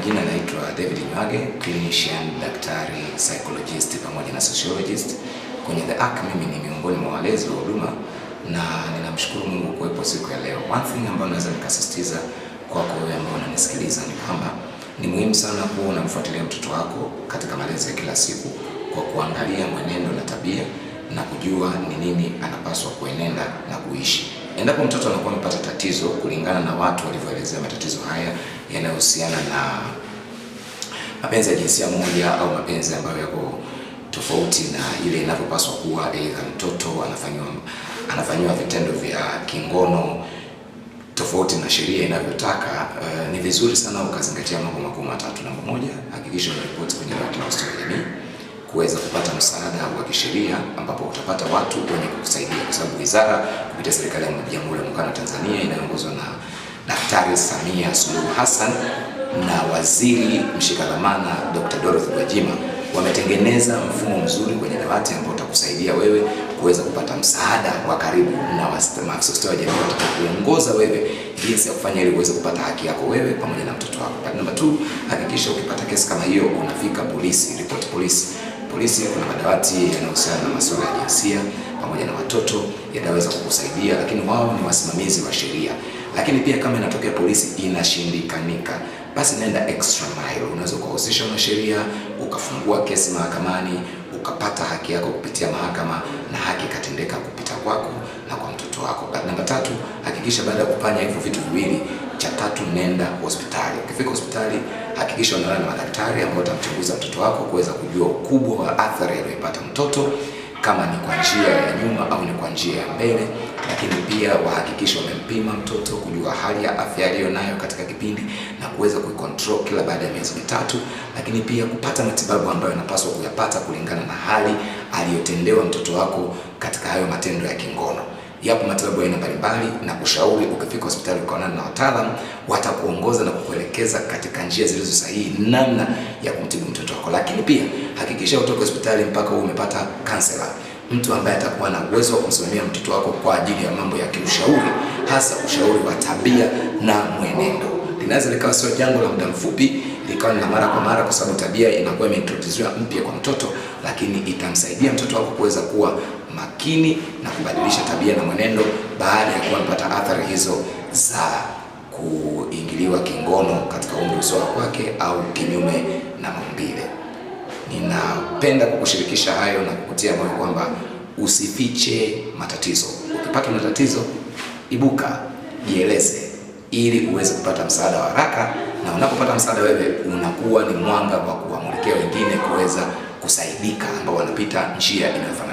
majina naitwa David Nywage, clinician, daktari, psychologist pamoja na sociologist kwenye The Ark. Mimi ni miongoni mwa walezi wa huduma na ninamshukuru Mungu kuwepo siku ya leo. One thing ambayo naweza nikasisitiza kwako wewe ambao unanisikiliza ni kwamba ni muhimu sana kuwa unamfuatilia mtoto wako katika malezi ya kila siku kwa kuangalia mwenendo na tabia na kujua ni nini anapaswa kuenenda na kuishi. Endapo mtoto anakuwa amepata tatizo, kulingana na watu walivyoelezea matatizo haya yanayohusiana na mapenzi ya jinsia moja au mapenzi ambayo yako tofauti na ile inavyopaswa kuwa, aidha mtoto anafanyiwa anafanyiwa vitendo vya kingono tofauti na sheria inavyotaka. Uh, ni vizuri sana ukazingatia mambo makuu matatu. Namba moja, hakikisha unaripoti kwenye dawati la ustawi wa jamii kuweza kupata msaada wa kisheria, ambapo utapata watu wenye kukusaidia sababu wizara kupitia serikali ya Jamhuri ya Muungano wa Tanzania inayoongozwa na Daktari Samia Suluhu Hassan na waziri mshikadhamana Dr. Dorothy Gwajima wametengeneza mfumo mzuri kwenye dawati ambao utakusaidia wewe kuweza kupata msaada wa karibu na maafisa ustawi wa jamii watakaokuongoza wewe jinsi ya kufanya ili uweze kupata haki yako wewe pamoja na mtoto wako. Namba 2, hakikisha ukipata kesi kama hiyo unafika polisi, report polisi. Polisi kuna madawati yanayohusiana na masuala ya jinsia pamoja na watoto yanaweza kukusaidia, lakini wao ni wasimamizi wa sheria. Lakini pia kama inatokea polisi inashindikanika, basi nenda extra mile, unaweza ukahusisha sheria, ukafungua kesi mahakamani, ukapata haki yako kupitia mahakama na haki ikatendeka kupita kwako na kwa mtoto wako. But Namba tatu, hakikisha baada ya kufanya hivyo vitu viwili cha tatu, nenda hospitali. Ukifika hospitali, hakikisha unaona na madaktari ambao watamchunguza mtoto wako kuweza kujua ukubwa wa athari aliyoipata mtoto kama ni kwa njia ya nyuma au ni kwa njia ya mbele, lakini pia wahakikishe wamempima mtoto kujua hali ya afya aliyonayo katika kipindi na kuweza kuikontrol kila baada ya miezi mitatu, lakini pia kupata matibabu ambayo anapaswa kuyapata kulingana na hali aliyotendewa mtoto wako katika hayo matendo ya kingono. Yapo matibabu ya aina mbalimbali na kushauri. Ukifika hospitali ukaonana na wataalamu, watakuongoza na kukuelekeza katika njia zilizo sahihi, namna ya kumtibu mtoto wako. Lakini pia hakikisha utoke hospitali mpaka wewe umepata kansela, mtu ambaye atakuwa na uwezo wa kumsimamia mtoto wako kwa ajili ya mambo ya kiushauri, hasa ushauri wa tabia na mwenendo. Linaweza likawa sio jambo la muda mfupi ikawa na mara kwa mara, kwa sababu tabia inakuwa imeintroduziwa mpya kwa mtoto, lakini itamsaidia mtoto wako kuweza kuwa makini na kubadilisha tabia na mwenendo baada ya kuwa amepata athari hizo za kuingiliwa kingono katika umri usawa kwake au kinyume na maumbile. Ninapenda kukushirikisha hayo na kukutia moyo kwamba usifiche matatizo. Ukipata matatizo ibuka, jieleze ili uweze kupata msaada wa haraka, na unapopata msaada wewe unakuwa ni mwanga wa kuwamulikia wengine kuweza kusaidika ambao wanapita njia inayofaa.